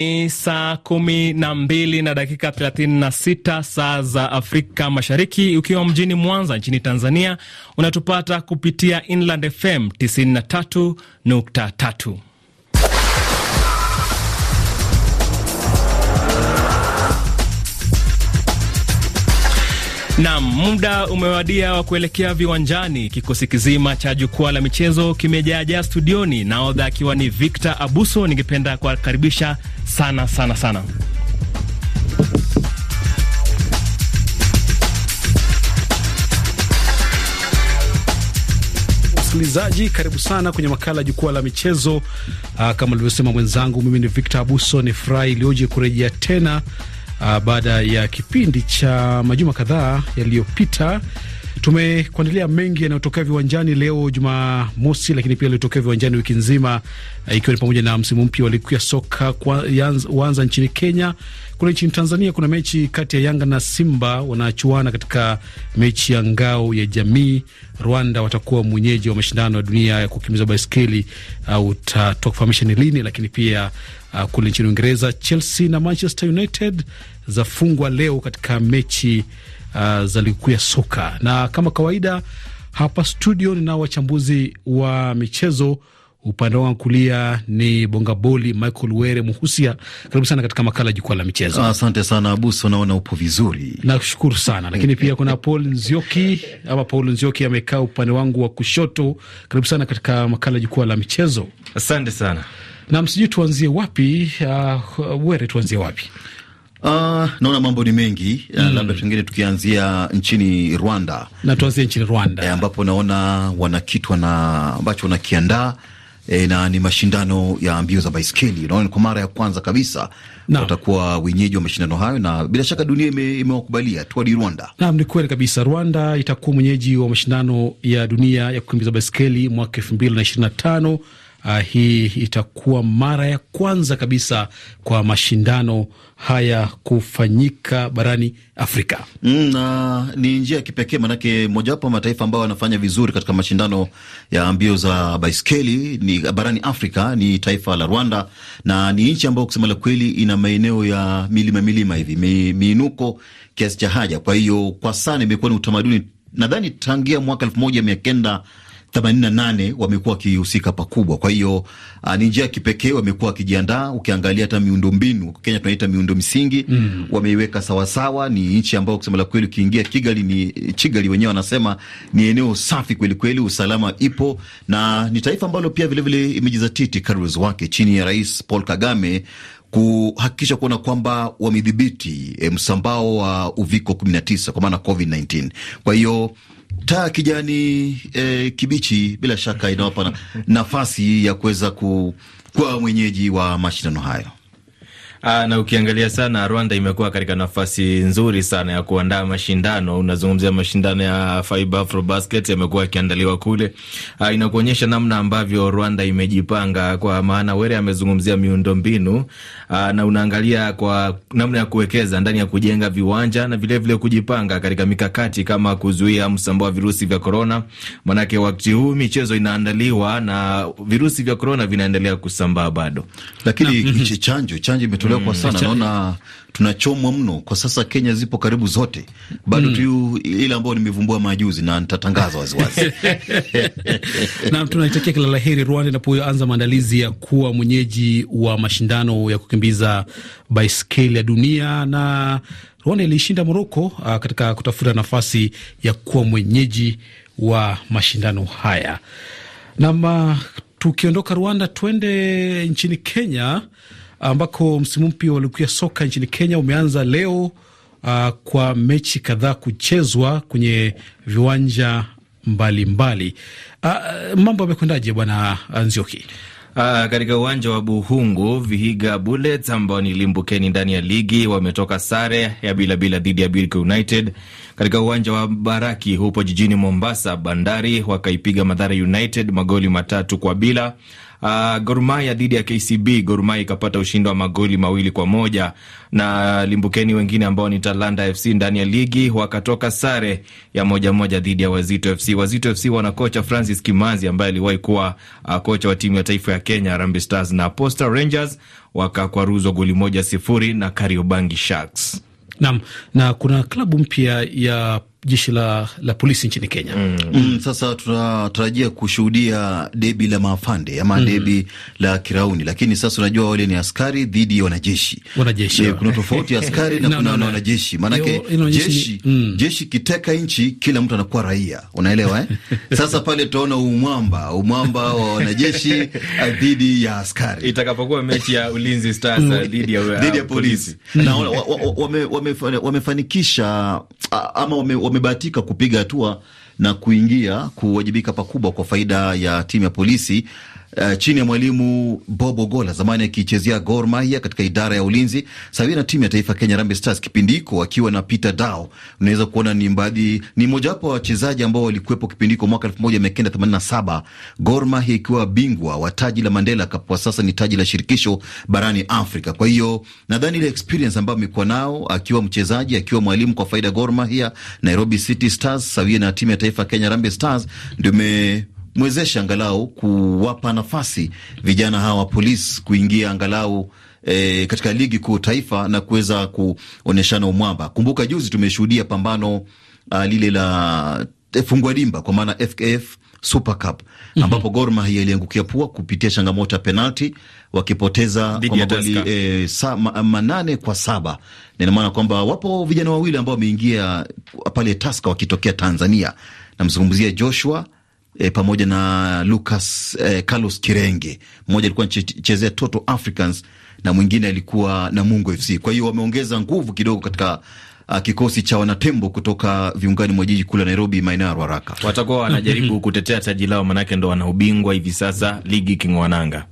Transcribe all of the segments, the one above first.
Ni saa kumi na mbili na dakika thelathini na sita saa za Afrika Mashariki. Ukiwa mjini Mwanza nchini Tanzania, unatupata kupitia Inland FM tatu. Nam, muda umewadia wa kuelekea viwanjani. Kikosi kizima cha jukwaa la michezo kimejaajaa studioni, naodha akiwa ni Victor Abuso. Ningependa kuwakaribisha sana sana sana. Msikilizaji, karibu sana kwenye makala ya jukwaa la michezo. Aa, ah, kama alivyosema mwenzangu, mimi ni Victor Abuso. Ni furaha iliyoje kurejea tena uh, baada ya kipindi cha majuma kadhaa yaliyopita tumekuandalia mengi yanayotokea viwanjani leo Jumamosi, lakini pia yaliyotokea viwanjani wiki nzima, ah, ikiwa ni pamoja na msimu mpya wa ligi ya soka kuanza nchini Kenya. Kule nchini Tanzania kuna mechi kati ya Yanga na Simba, wanachuana katika mechi ya ngao ya jamii. Rwanda watakuwa mwenyeji wa mashindano ya dunia ya kukimbiza baiskeli, ah, utafahamisha ni lini, lakini pia uh, kule nchini Uingereza. Chelsea na Manchester United zafungwa leo katika mechi uh, za ligi kuu ya soka, na kama kawaida hapa studio ninao wachambuzi wa michezo upande wangu kulia ni Bongaboli Michael Were Muhusia, karibu sana katika makala ya jukwaa la michezo. Asante sana Abuso, naona upo vizuri, nashukuru sana lakini pia kuna Paul Nzioki ama Paul Nzioki amekaa upande wangu wa kushoto, karibu sana katika makala ya jukwaa la michezo. Asante sana Nam, sijui tuanzie wapi? Uh, Were, tuanzie wapi? Uh, naona mambo ni mengi mm. labda pengine tukianzia nchini Rwanda na tuanzie nchini Rwanda eh, ambapo naona wana kitu ambacho wanakiandaa E, na ni mashindano ya mbio za baiskeli. Naona kwa mara ya kwanza kabisa watakuwa wenyeji wa mashindano hayo, na bila shaka dunia imewakubalia ime Tour Rwanda. Naam, ni kweli kabisa, Rwanda itakuwa mwenyeji wa mashindano ya dunia ya kukimbiza baiskeli mwaka elfu mbili na ishirini na tano Uh, hii itakuwa mara ya kwanza kabisa kwa mashindano haya kufanyika barani Afrika mm, na ni njia ya kipekee maanake mojawapo mataifa ambayo wanafanya vizuri katika mashindano ya mbio za baiskeli ni barani Afrika ni taifa la Rwanda, na ni nchi ambayo kusema la kweli ina maeneo ya milima milima hivi mi, miinuko kiasi cha haja. Kwa hiyo kwa sana imekuwa ni utamaduni nadhani tangia mwaka elfu moja mia kenda 88 wamekuwa wakihusika pakubwa. Kwa hiyo ah, ni njia ya kipekee wamekuwa wakijiandaa. Ukiangalia hata miundo mbinu, Kenya tunaita miundo msingi mm. wameiweka sawasawa. Ni nchi ambayo kusema la kweli ukiingia Kigali ni Chigali wenyewe wanasema ni eneo safi kwelikweli, usalama ipo, na ni taifa ambalo pia vilevile imejizatiti karuz wake chini ya Rais Paul Kagame kuhakikisha kuona kwamba wamedhibiti eh, msambao wa uviko 19 kwa maana COVID-19. Kwa hiyo taa kijani e, kibichi bila shaka inawapa nafasi ya kuweza kuwa mwenyeji wa mashindano hayo. Aa, ah, na ukiangalia sana Rwanda imekuwa katika nafasi nzuri sana ya kuandaa mashindano. Unazungumzia mashindano ya FIBA Afro Basket yamekuwa yakiandaliwa kule, ah, inakuonyesha namna ambavyo Rwanda imejipanga, kwa maana Were amezungumzia miundombinu ah, na unaangalia kwa namna ya kuwekeza ndani ya kujenga viwanja na vilevile vile kujipanga katika mikakati kama kuzuia msambao wa virusi vya korona, manake wakati huu michezo inaandaliwa na virusi vya korona vinaendelea kusambaa bado, lakini chanjo chanjo imetolewa imeondolewa kwa mm, sana, naona tunachomwa mno kwa sasa. Kenya zipo karibu zote bado mm. tu ile ambayo nimevumbua majuzi na nitatangaza waziwazi na tunaitakia kila la heri Rwanda inapoanza maandalizi ya kuwa mwenyeji wa mashindano ya kukimbiza baiskeli ya dunia na Rwanda ilishinda Moroko ah, katika kutafuta nafasi ya kuwa mwenyeji wa mashindano haya. Nam, ah, tukiondoka Rwanda tuende nchini Kenya ambako msimu mpya wa ligi ya soka nchini Kenya umeanza leo uh, kwa mechi kadhaa kuchezwa kwenye viwanja mbalimbali mbali. Uh, mambo yamekwendaje bwana Nzioki? Uh, katika uwanja wa Buhungu Vihiga Bullets ambao ni limbukeni ndani ya ligi wametoka sare ya bilabila dhidi ya Bilko United. Katika uwanja wa Baraki hupo jijini Mombasa, Bandari wakaipiga Madhara United magoli matatu kwa bila. Uh, Gor Mahia dhidi ya KCB, Gor Mahia ikapata ushindi wa magoli mawili kwa moja na limbukeni wengine ambao ni Talanta FC ndani ya ligi wakatoka sare ya moja moja dhidi ya Wazito FC. Wazito FC wana kocha Francis Kimanzi ambaye aliwahi kuwa uh, kocha wa timu ya taifa ya Kenya Harambee Stars na Posta Rangers wakakwaruzwa goli moja sifuri na Kariobangi Sharks. Naam, na kuna klabu mpya ya jeshi la, la polisi nchini Kenya. mm. Mm, sasa tunatarajia kushuhudia debi la mafande ama mm. debi la kirauni, lakini sasa unajua wale ni askari dhidi ya wanajeshi, wanajeshi e, kuna tofauti ya askari na kuna na wanajeshi maanake jeshi, mm. jeshi kiteka nchi kila mtu anakuwa raia, unaelewa eh? Sasa pale tutaona umwamba umwamba wa wanajeshi eh, dhidi ya askari itakapokuwa mechi ya Ulinzi Stars mm. eh, dhidi ya, dhidi ya polisi, polisi. na wamefanikisha wame, wame, wame ama wame, wame wamebahatika kupiga hatua na kuingia kuwajibika pakubwa kwa faida ya timu ya polisi uh, chini ya mwalimu Bob Ogola, zamani akichezea Gor Mahia katika idara ya ulinzi, sawia na timu ya taifa Kenya Harambee Stars kipindi hiko akiwa na Peter Dao. Unaweza kuona ni mbadi, ni mojawapo wa wachezaji ambao walikuwepo kipindi hiko mwaka 1987 Gor Mahia ikiwa bingwa wa taji la Mandela Cup, kwa sasa ni taji la shirikisho barani Afrika. Kwa hiyo nadhani ile experience ambayo amekuwa nao akiwa mchezaji, akiwa mwalimu kwa faida Gor Mahia, Nairobi City Stars sawia na timu ya taifa Kenya Harambee Stars ndio kumwezesha angalau kuwapa nafasi vijana hawa wa polisi kuingia angalau E, katika ligi kuu taifa na kuweza kuoneshana umwamba. Kumbuka juzi tumeshuhudia pambano a, ah, lile la fungwa dimba kwa maana FKF Super Cup mhm. ambapo Gor Mahia iliangukia pua kupitia changamoto ya penalti wakipoteza kwa magoli e, ma, manane kwa saba. Nina maana kwamba wapo vijana wawili ambao wameingia pale Taska wakitokea Tanzania, namzungumzia Joshua e, pamoja na Lucas e, Carlos Kirenge, mmoja alikuwa anachezea Toto Africans na mwingine alikuwa Namungo FC. Kwa hiyo wameongeza nguvu kidogo katika a, ah, kikosi cha wanatembo kutoka viungani mwa jiji kuu la Nairobi, maeneo ya Ruaraka, watakuwa wanajaribu kutetea taji lao, manake ndo wana ubingwa hivi sasa ligi king'oananga.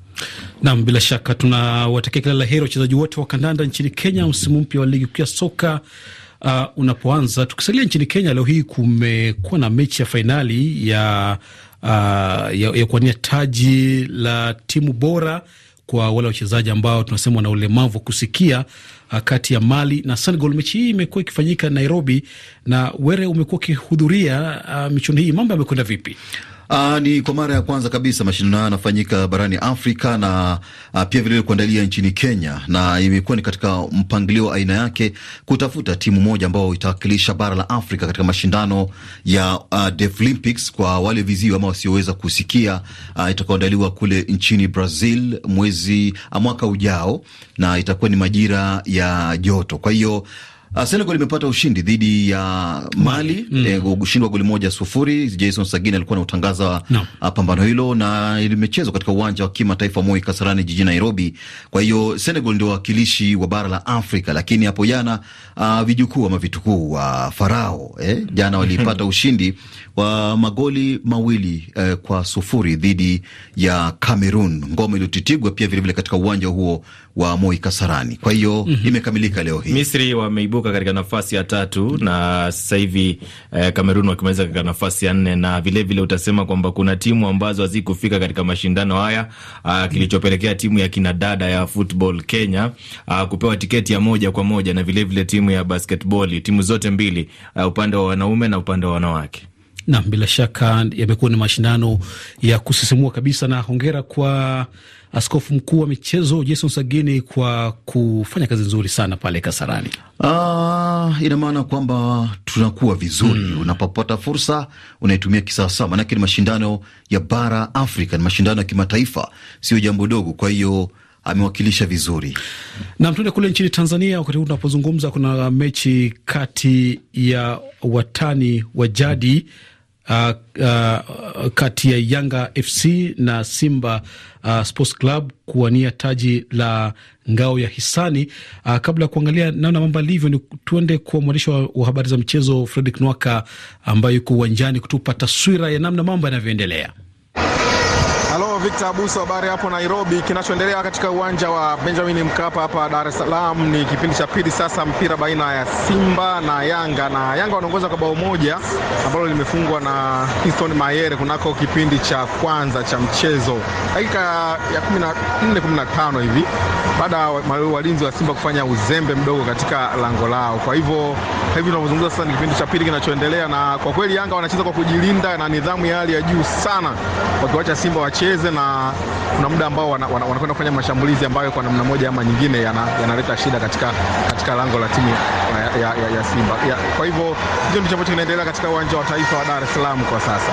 Nam, bila shaka tunawatakia kila la heri wachezaji wote wa kandanda nchini Kenya msimu mpya wa ligi kuu ya soka uh, unapoanza. Tukisalia nchini Kenya, leo hii kumekuwa na mechi ya fainali ya, uh, ya, ya kuwania taji la timu bora kwa wale wachezaji ambao tunasema wana ulemavu wa kusikia uh, kati ya Mali na Senegal. Mechi hii imekuwa ikifanyika Nairobi, na were umekuwa ukihudhuria uh, michuano hii, mambo yamekwenda vipi? Aa, ah, ni kwa mara ya kwanza kabisa mashindano haya yanafanyika barani Afrika na a, ah, pia vilevile kuandalia nchini Kenya, na imekuwa ni katika mpangilio wa aina yake kutafuta timu moja ambao itawakilisha bara la Afrika katika mashindano ya uh, ah, Deaflympics kwa wale viziwi ama wasioweza kusikia itakaoandaliwa kule nchini Brazil mwezi mwaka ujao, na itakuwa ni majira ya joto, kwa hiyo Uh, Senegal imepata ushindi dhidi ya Mali mm. Eh, kushindwa goli moja sufuri. Jason Sagini alikuwa anautangaza no. Ah, pambano hilo na limechezwa katika uwanja wa kimataifa Moi Kasarani jijini Nairobi. Kwa hiyo Senegal ndio wakilishi wa bara la Afrika, lakini hapo jana uh, vijukuu ama vitukuu wa uh, Farao eh, jana walipata ushindi wa magoli mawili eh, kwa sufuri dhidi ya Cameroon, ngoma iliyotitigwa pia vilevile katika uwanja huo wa Moi Kasarani. Kwa hiyo mm -hmm. imekamilika leo hii. Misri wameibuka katika nafasi ya tatu mm -hmm. na sasa hivi eh, Kamerun wakimaliza katika nafasi ya nne, na vilevile vile utasema kwamba kuna timu ambazo hazikufika katika mashindano haya ah, kilichopelekea timu ya kinadada ya football Kenya uh, kupewa tiketi ya moja kwa moja na vilevile vile timu ya basketball, timu zote mbili uh, upande wa wanaume na upande wa wanawake. Nam, bila shaka yamekuwa ni mashindano ya kusisimua kabisa, na hongera kwa askofu mkuu wa michezo Jason Sagini kwa kufanya kazi nzuri sana pale Kasarani. Uh, ina maana kwamba tunakuwa vizuri mm. Unapopata fursa unaitumia kisawasawa, maanake ni mashindano ya bara Afrika, ni mashindano ya kimataifa, sio jambo dogo. Kwa hiyo amewakilisha vizuri nam. Tuende kule nchini Tanzania. Wakati huu tunapozungumza, kuna mechi kati ya watani wa jadi mm uh, uh, kati ya Yanga FC na Simba uh, Sports Club kuwania taji la ngao ya hisani. Uh, kabla ya kuangalia namna mambo alivyo, ni tuende kwa mwandishi wa habari za michezo Fredrick Nwaka ambaye yuko uwanjani kutupa taswira ya namna mambo yanavyoendelea. Victor Abuso, habari hapo Nairobi. Kinachoendelea katika uwanja wa Benjamin Mkapa hapa Dar es Salaam ni kipindi cha pili sasa, mpira baina ya Simba na Yanga, na Yanga wanaongoza kwa bao moja ambalo limefungwa na Easton Mayere kunako kipindi cha kwanza cha mchezo dakika ya 14 15 hivi baada ya walinzi wa Simba kufanya uzembe mdogo katika lango lao. Kwa hivyo hivi tunavyozungumza sasa ni kipindi cha pili kinachoendelea, na kwa kweli Yanga wanacheza kwa kujilinda na nidhamu ya hali ya juu sana, wakiwacha Simba wacheze, na kuna muda ambao wanakwenda wana, wana kufanya mashambulizi ambayo kwa namna moja ama nyingine yanaleta yana shida katika, katika lango la timu ya, ya, ya Simba ya, kwa hivyo hicho ndicho ambacho kinaendelea katika uwanja wa taifa wa Dar es Salaam kwa sasa.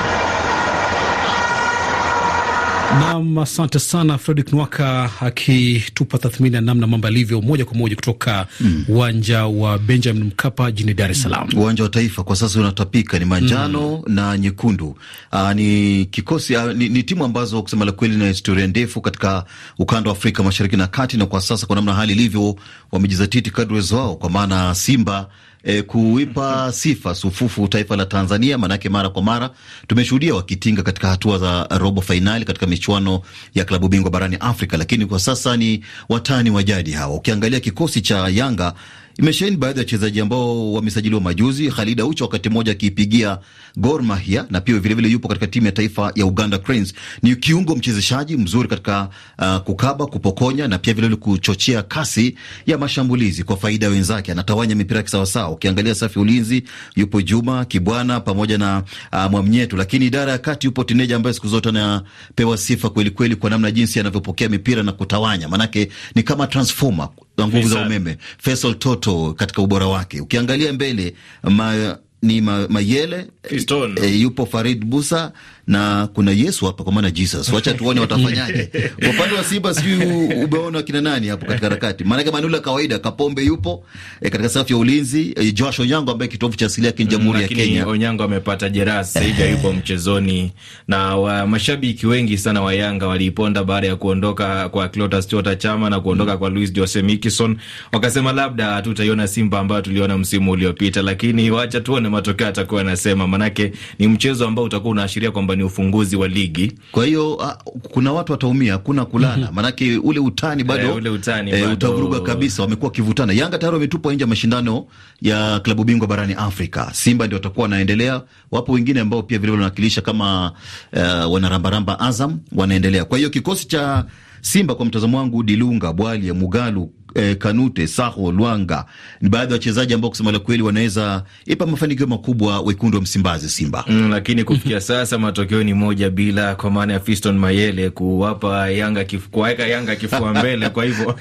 Nam, asante sana Fredrick Nwaka akitupa tathmini ya namna mambo yalivyo moja kwa moja kutoka mm. uwanja mm. wa Benjamin Mkapa jijini Dar es Salaam. Uwanja wa Taifa kwa sasa unatapika ni manjano mm. na nyekundu. Aa, ah, ni kikosi aa, ah, ni, ni timu ambazo kusema la kweli na historia ndefu katika ukanda wa Afrika Mashariki na Kati, na kwa sasa kwa namna hali ilivyo wamejizatiti kadri wao kwa maana Simba e, kuipa sifa sufufu taifa la Tanzania, maanake mara kwa mara tumeshuhudia wakitinga katika hatua za robo fainali katika michuano ya klabu bingwa barani Afrika, lakini kwa sasa ni watani wa jadi hawa. Ukiangalia kikosi cha Yanga imesheheni baadhi ya wachezaji ambao wamesajiliwa majuzi. Khalid Aucho wakati mmoja akiipigia Gor Mahia na pia vilevile vile yupo katika timu ya taifa ya Uganda Cranes. Ni kiungo mchezeshaji mzuri katika uh, kukaba, kupokonya na pia vilevile kuchochea kasi ya mashambulizi kwa faida ya wenzake. Anatawanya mipira kisawasawa. Ukiangalia safi ulinzi, yupo Juma Kibwana pamoja na uh, Mwamnyetu, lakini idara ya kati yupo Tineja ambaye siku zote anapewa sifa kwelikweli kwa namna jinsi anavyopokea mipira na kutawanya, manake ni kama transformer nguvu za umeme Faisal Toto katika ubora wake. Ukiangalia mbele ma, ni Mayele ma e, eh, yupo Farid Busa na kuna Yesu hapa, kwa maana Jesus. Wacha tuone watafanyaje upande wa Simba. Sijui umeona kina nani hapo katika harakati, maanake manula kawaida, Kapombe yupo e, katika safu ya ulinzi e, Josh Onyango ambaye kitovu cha asili yake ni Jamhuri ya Kenya. Onyango amepata jeraha sasa hivi hayupo mchezoni, na wa mashabiki wengi sana wa Yanga waliiponda baada ya kuondoka kwa Clatous Chota Chama na kuondoka kwa Luis Jose Miquissone, wakasema labda hatutaiona Simba ambayo tuliona msimu uliopita, lakini wacha tuone matokeo atakuwa anasema, manake ni mchezo ambao utakuwa unaashiria kwamba ni ufunguzi wa ligi. Kwa hiyo ah, kuna watu wataumia, kuna kulala, maanake mhm. ule utani bado, eh, ule utani eh, bado utavuruga kabisa. Wamekuwa wakivutana. Yanga tayari wametupwa nje ya mashindano ya klabu bingwa barani Afrika. Simba ndio watakuwa wanaendelea, wapo wengine ambao pia vilevile wanawakilisha kama uh, wanarambaramba Azam wanaendelea. Kwa hiyo kikosi cha Simba kwa mtazamo wangu, Dilunga, Bwali, Mugalu eh, Kanute Saho Lwanga ni baadhi ya wachezaji ambao kusema la kweli wanaweza ipa mafanikio makubwa wekundu wa Msimbazi Simba. Mm, lakini kufikia sasa matokeo ni moja bila, kwa maana ya Fiston Mayele kuwapa Yanga kifu, kuwaweka Yanga kifua mbele. Kwa hivyo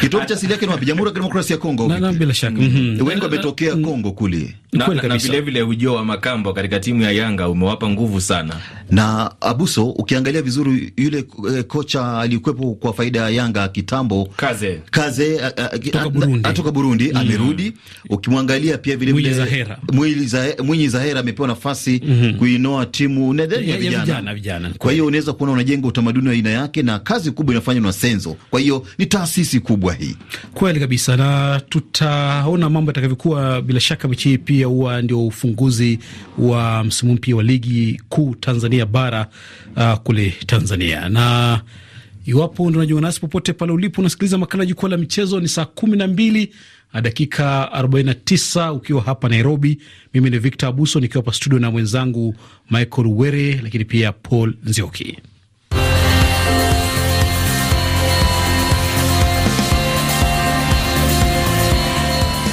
kitovu cha asili yake ni wapi? Jamhuri ya Kidemokrasia ya Kongo, Na, bila shaka mm-hmm. Mm-hmm. wengi wametokea mm-hmm. Kongo kule na, na vile vile ujio wa Makambo katika timu ya Yanga umewapa nguvu sana. Na Abuso, ukiangalia vizuri yule eh, kocha alikuwepo kwa faida ya Yanga kitambo, Kaze, Kaze Burundi, atoka ah, Burundi mm. amerudi. Ukimwangalia pia vile vile Mwinyi Zahera amepewa nafasi mm -hmm. kuinoa timu ya vijana. Kwa hiyo unaweza kuona unajenga utamaduni wa aina yake, na kazi kubwa inafanywa na Senzo. Kwa hiyo ni taasisi kubwa hii kweli kabisa, na tutaona mambo yatakavyokuwa. Bila shaka mechi hii pia huwa ndio ufunguzi wa msimu mpya wa ligi kuu Tanzania bara uh, kule Tanzania na Iwapo ndo unajiunga nasi popote pale ulipo, unasikiliza makala ya Jukwaa la Michezo. Ni saa kumi na mbili na dakika 49 ukiwa hapa Nairobi. Mimi ni Victor Abuso nikiwa hapa studio na mwenzangu Michael Were, lakini pia Paul Nzioki.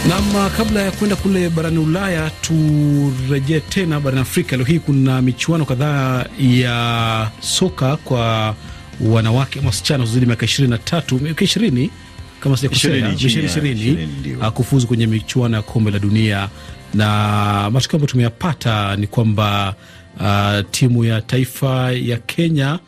Nam, kabla ya kwenda kule barani Ulaya, turejee tena barani Afrika. Leo hii kuna michuano kadhaa ya soka kwa wanawake ama wasichana wazidi miaka ishirini na tatu miaka ishirini kama sijakosea ishirini kufuzu kwenye michuano ya kombe la dunia, na matokeo ambayo tumeyapata ni kwamba uh, timu ya taifa ya Kenya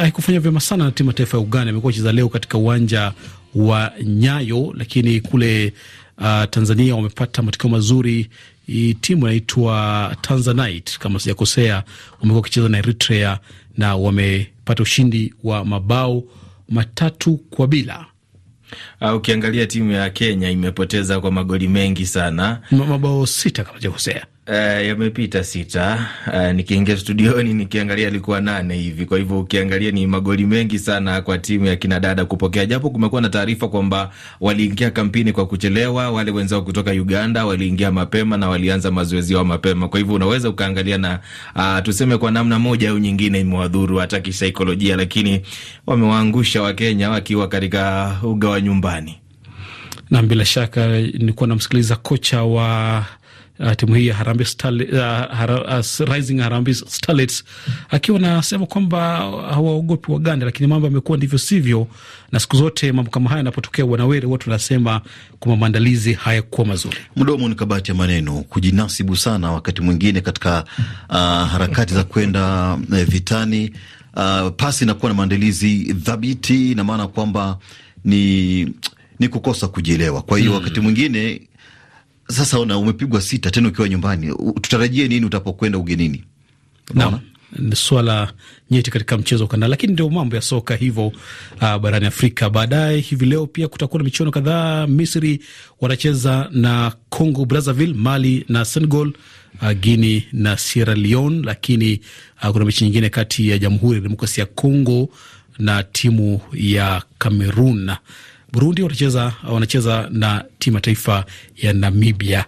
haikufanya vyema sana na timu ya taifa ya Uganda. Imekuwa cheza leo katika uwanja wa Nyayo, lakini kule uh, Tanzania wamepata matokeo mazuri. I, timu inaitwa Tanzanite kama sijakosea, wamekuwa wakicheza na Eritrea na wame kupata ushindi wa mabao matatu kwa bila. Ah, ukiangalia timu ya Kenya imepoteza kwa magoli mengi sana, mabao sita kama sijakosea. Uh, yamepita sita. Uh, nikiingia studioni nikiangalia alikuwa nane hivi. Kwa hivyo ukiangalia ni magoli mengi sana kwa timu ya kinadada kupokea, japo kumekuwa na taarifa kwamba waliingia kampini kwa kuchelewa. Wale wenzao kutoka Uganda waliingia mapema na walianza mazoezi yao mapema. Kwa hivyo unaweza ukaangalia na uh, tuseme kwa namna moja au nyingine imewadhuru hata kisaikolojia, lakini wamewaangusha Wakenya wakiwa katika uga wa nyumbani. Na bila shaka nilikuwa namsikiliza kocha wa uh, timu hii ya Harambee uh, har, uh, Rising Harambee Starlets akiwa anasema kwamba hawaogopi Waganda, lakini mambo yamekuwa ndivyo sivyo, na siku zote mambo kama haya yanapotokea, wanawere wote wanasema kwamba maandalizi hayakuwa mazuri. Mdomo ni kabati ya maneno, kujinasibu sana wakati mwingine katika uh, harakati za kwenda uh, vitani uh, pasi inakuwa na maandalizi dhabiti, na maana kwamba ni ni kukosa kujielewa. Kwa hiyo hmm, wakati mwingine sasa una umepigwa sita tena ukiwa nyumbani, tutarajie nini utapokwenda ugenini? ni swala nyeti katika mchezo kanda, lakini ndio mambo ya soka hivyo uh, barani Afrika. Baadaye hivi leo pia kutakuwa na michuano kadhaa. Misri wanacheza na Congo Brazzaville, Mali na Senegal, uh, Guinea na Sierra Leone, lakini uh, kuna mechi nyingine kati ya Jamhuri ya Demokrasia ya congo na timu ya cameron Burundi wanacheza wanacheza na timu ya taifa ya Namibia.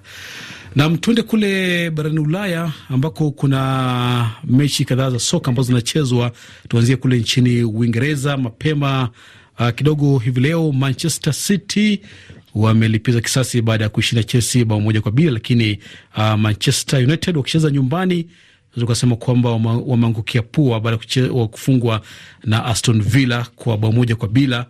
Nam, tuende kule barani Ulaya ambako kuna mechi kadhaa za soka ambazo zinachezwa. Tuanzie kule nchini Uingereza mapema uh, kidogo hivi leo Manchester City wamelipiza kisasi baada ya kuishinda Chelsea bao moja kwa bila, lakini uh, Manchester United wakicheza nyumbani ukasema kwamba wameangukia pua baada ya kufungwa na Aston Villa kwa bao moja kwa bila.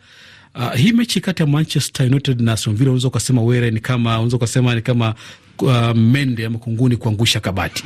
Uh, hii mechi kati ya Manchester United na Aston Villa unaweza ukasema were ni kama unaweza ukasema ni kama uh, mende ama kunguni kuangusha kabati.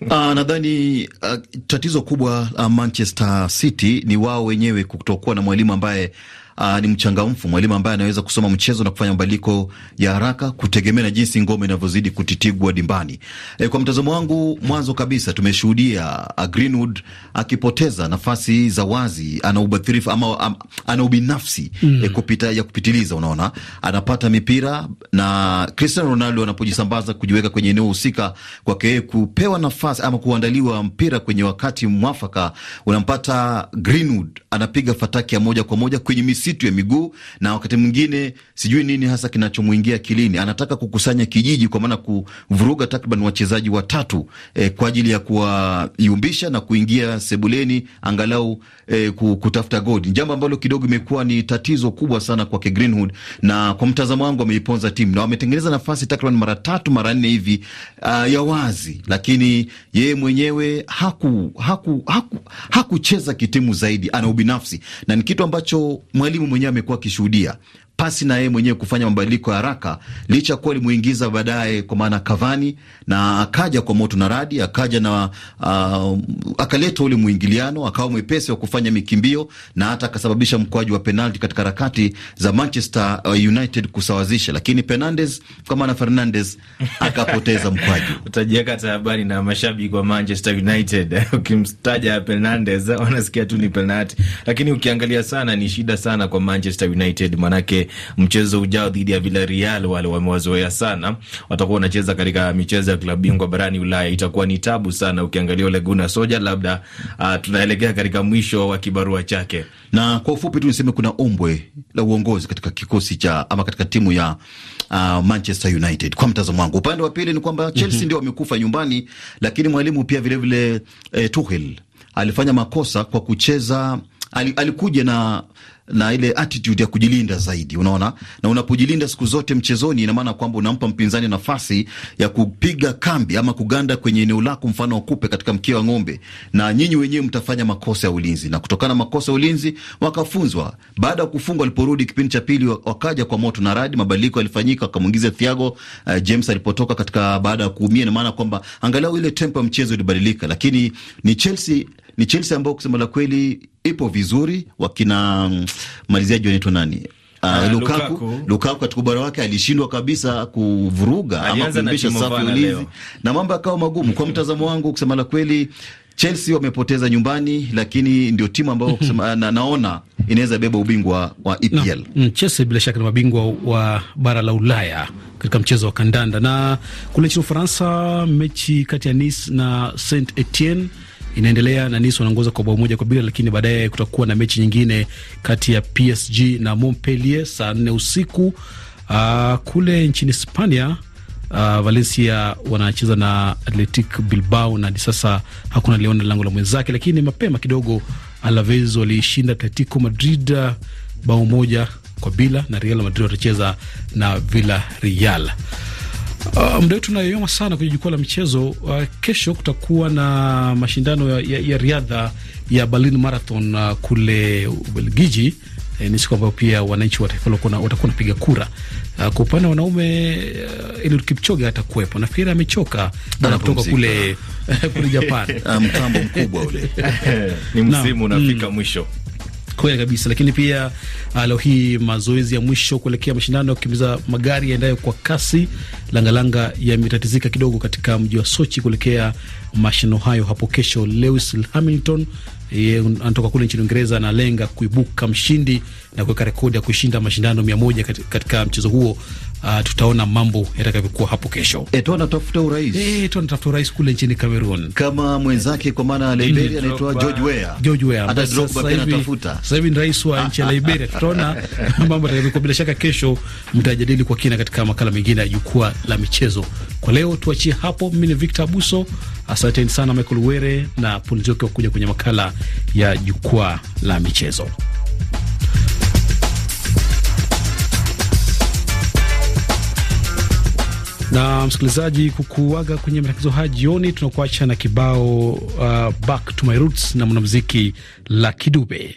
Uh, nadhani uh, tatizo kubwa uh, Manchester City ni wao wenyewe kutokuwa na mwalimu ambaye uh, ni mchangamfu, mwalimu ambaye anaweza kusoma mchezo na kufanya mabadiliko ya haraka kutegemea na jinsi ngome inavyozidi kutitigwa dimbani. E, kwa mtazamo wangu, mwanzo kabisa tumeshuhudia uh, Greenwood akipoteza nafasi za wazi, ana ubadhirifu ama um, ana ubinafsi mm. E, kupita, ya kupitiliza. Unaona, anapata mipira na Cristiano Ronaldo anapojisambaza kujiweka kwenye eneo husika kwake yeye kupewa nafasi ama kuandaliwa mpira kwenye wakati mwafaka, unampata Greenwood anapiga fataki ya moja kwa moja kwenye misi misitu ya miguu, na wakati mwingine sijui nini hasa kinachomwingia kilini, Anataka kukusanya kijiji, kwa maana kuvuruga takriban wachezaji watatu eh, kwa ajili ya kuwayumbisha na kuingia sebuleni angalau eh, kutafuta godi, jambo ambalo kidogo imekuwa ni tatizo kubwa sana kwake Greenwood, na kwa mtazamo wangu ameiponza timu na wametengeneza nafasi takriban mara tatu mara nne hivi uh, ya wazi, lakini yeye mwenyewe haku hakucheza haku, haku kitimu zaidi, ana ubinafsi na ni kitu ambacho mwali mwalimu mwenyewe amekuwa akishuhudia pasi na yeye mwenyewe kufanya mabadiliko ya haraka, licha kuwa alimuingiza baadaye, kwa maana Kavani na akaja kwa moto na radi, akaja na uh, akaleta ule mwingiliano, akawa mwepesi wa kufanya mikimbio na hata akasababisha mkwaji wa penalti katika harakati za Manchester uh, United kusawazisha, lakini Fernandes kwa maana Fernandes akapoteza mkwaji. Utajiweka hata habari na mashabiki wa Manchester United ukimtaja Fernandes wanasikia tu ni penalti, lakini ukiangalia sana ni shida sana kwa Manchester United manake mchezo ujao dhidi ya Villarreal, wale wamewazoea sana, watakuwa wanacheza katika michezo ya klabu bingwa barani Ulaya. Itakuwa ni tabu sana ukiangalia Ole Gunnar Solskjaer, labda uh, tunaelekea katika mwisho wa kibarua chake. Na kwa ufupi tu niseme kuna ombwe la uongozi katika kikosi cha ama katika timu ya uh, Manchester United kwa mtazamo wangu. Upande wa pili ni kwamba mhm. Chelsea mm -hmm. ndio wamekufa nyumbani, lakini mwalimu pia vilevile vile, eh, Tuchel alifanya makosa kwa kucheza alikuja na na ile attitude ya kujilinda zaidi, unaona. Na unapojilinda siku zote mchezoni, ina maana kwamba unampa mpinzani nafasi ya kupiga kambi ama kuganda kwenye eneo lako, mfano kupe katika mkia wa ng'ombe, na nyinyi wenyewe mtafanya makosa ya ulinzi, na kutokana na makosa ya ulinzi wakafunzwa. Baada ya kufungwa, waliporudi kipindi cha pili, wakaja kwa moto na radi, mabadiliko yalifanyika, wakamwingiza Thiago uh, James alipotoka katika baada ya kuumia, ina maana kwamba angalau ile tempo ya mchezo ilibadilika, lakini ni Chelsea ni Chelsea ambayo kusema la kweli ipo vizuri, wakina mm, maliziaji wanaitwa nani? Uh, Lukaku, Lukaku katika ubora wake alishindwa kabisa kuvuruga ama kuimbisha safu ulinzi na mambo yakawa magumu. Kwa mtazamo wangu, kusema la kweli, Chelsea wamepoteza nyumbani, lakini ndio timu ambayo na, naona inaweza beba ubingwa wa EPL. No, mm, Chelsea bila shaka ni mabingwa wa bara la Ulaya katika mchezo wa kandanda. Na kule nchini Ufaransa, mechi kati ya Nice na Saint Etienne inaendelea na Nice wanaongoza kwa bao moja kwa bila, lakini baadaye kutakuwa na mechi nyingine kati ya PSG na Montpellier saa nne usiku. Uh, kule nchini Hispania Uh, ah, Valencia wanacheza na Athletic Bilbao na sasa hakuna aliona lango la mwenzake, lakini mapema kidogo Alaves walishinda Atletico Madrid ah, bao moja kwa bila, na Real Madrid watacheza na Villarreal. Uh, muda wetu unayoyoma sana kwenye jukwaa la michezo. Uh, kesho kutakuwa na mashindano ya, ya riadha ya Berlin Marathon uh, kule Ubelgiji. E, ni siku ambayo pia wananchi watakuwa wanapiga kura. Uh, kwa upande wa wanaume uh, Eliud Kipchoge atakuwepo. Nafikiri amechoka bana kutoka kule eh, kule Japan. Mtambo mkubwa ule. Ni msimu unafika mm. mwisho. Kweli kabisa, lakini pia ah, leo hii mazoezi ya mwisho kuelekea mashindano ya kukimbiza magari yaendayo kwa kasi langalanga yametatizika kidogo katika mji wa Sochi kuelekea mashindano hayo hapo kesho. Lewis Hamilton anatoka kule nchini Uingereza, analenga kuibuka mshindi na kuweka rekodi ya kushinda mashindano mia moja katika mchezo huo uh, tutaona mambo yatakavyokuwa hapo kesho. Eto'o eh, anatafuta urais, Eto'o eh, anatafuta urais kule nchini Cameroon kama mwenzake, kwa maana Liberia anaitwa George Weah. George Weah hata Drogba pia anatafuta sasa hivi ni rais wa nchi ya Liberia. Tutaona mambo yatakavyokuwa, bila shaka kesho mtajadili kwa kina katika makala mengine ya jukwaa la michezo. Kwa leo tuachie hapo. Mimi ni Victor Abuso, asanteni sana Michael Were na Punzioki wa kuja kwenye makala ya jukwaa la michezo. Na msikilizaji, kukuaga kwenye matatizo haya jioni, tunakuacha na kibao uh, back to my roots na mwanamuziki la kidube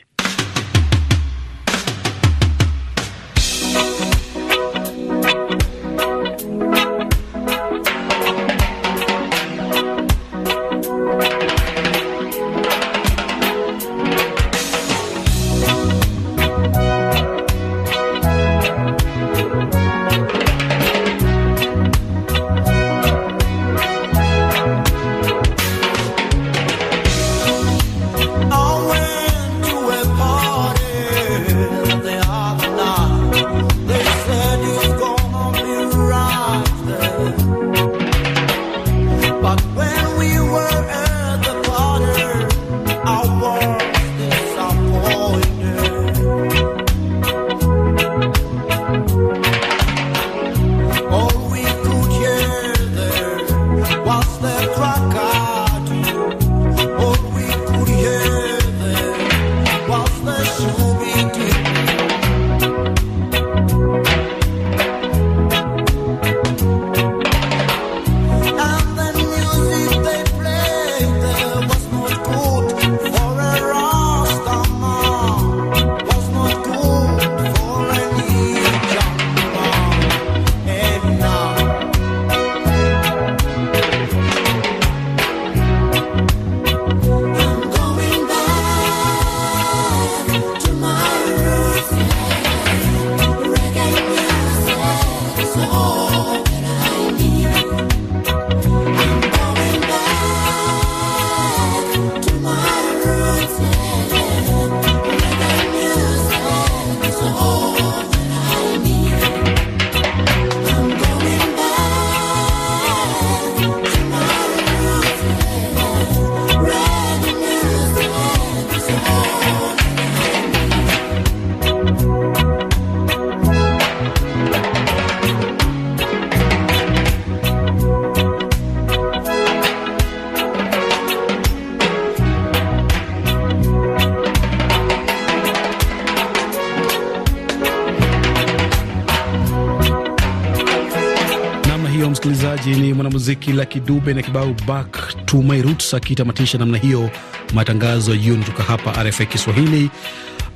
mwanamuziki Lucky Dube na kibao back to my roots, akitamatisha namna hiyo matangazo ya jioni kutoka hapa RFI Kiswahili.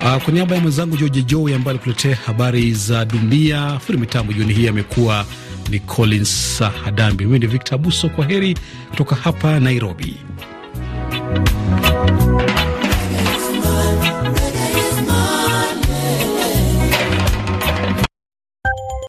Uh, kwa niaba ya mwenzangu George Joe ambaye alikuletea habari za dunia, fundi mitambo jioni hii amekuwa ni Collins Hadambi. Mimi ni Victor Buso, kwa heri kutoka hapa Nairobi.